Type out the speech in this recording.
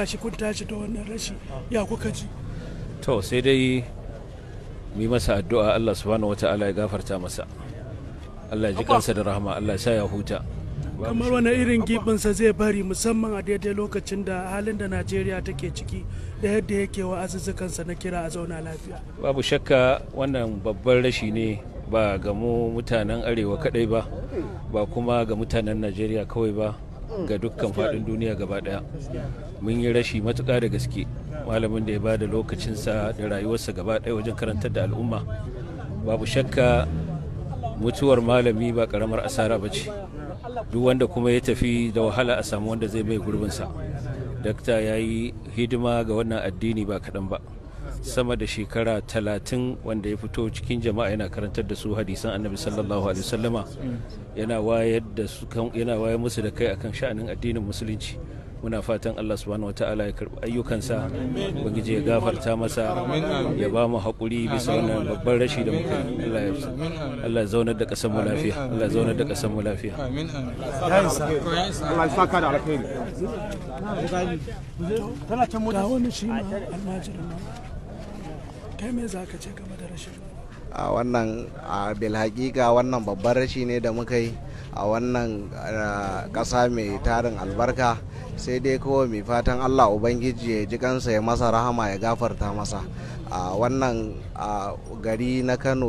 Tashi kun tashi da wannan rashi ya kuka ji. To sai dai mi masa addu'a Allah subhanahu wata'ala ya gafarta masa. Allah ya ji kansa da rahama Allah ya sa ya huta. kamar wani irin gibinsa zai bari musamman a daidai lokacin da halin da najeriya take ciki da yadda yake wa azuzzukansa na kira a zauna lafiya babu shakka wannan babban rashi ne ba ga mu mutanen arewa kadai ba ba kuma ga mutanen najeriya kawai ba ga dukkan faɗin duniya gaba ɗaya mun yi rashi matuƙa da gaske malamin da ya ba da lokacinsa da rayuwarsa gaba ɗaya wajen karantar da al'umma babu shakka mutuwar malami ba karamar asara ba ce duk wanda kuma ya tafi da wahala a samu wanda zai bai gurbinsa dakta ya yi hidima ga wannan addini ba kaɗan ba sama da shekara talatin wanda ya fito cikin jama'a yana karantar da su hadisan annabi sallallahu alaihi wasallama mm. yana wayar yana wayar musu da kai akan sha'anin addinin musulunci muna fatan Allah subhanahu ta'ala ya karɓi ayyukansa ubangiji ya gafarta masa ya ba mu haƙuri bisa wannan babban rashi da muka Allah ya Allah zaunar da ƙasar mu lafiya Allah zaunar da ƙasar mu lafiya amin Allah ya saka da alkhairi tana can mu da wani shi kai me zaka ce game da rashin a wannan a bil hakika wannan babban rashi ne da muka yi a wannan ƙasa mai tarin albarka sai dai kawai mai fatan allah ubangiji ya ji kansa ya masa rahama ya gafarta masa a wannan gari na kano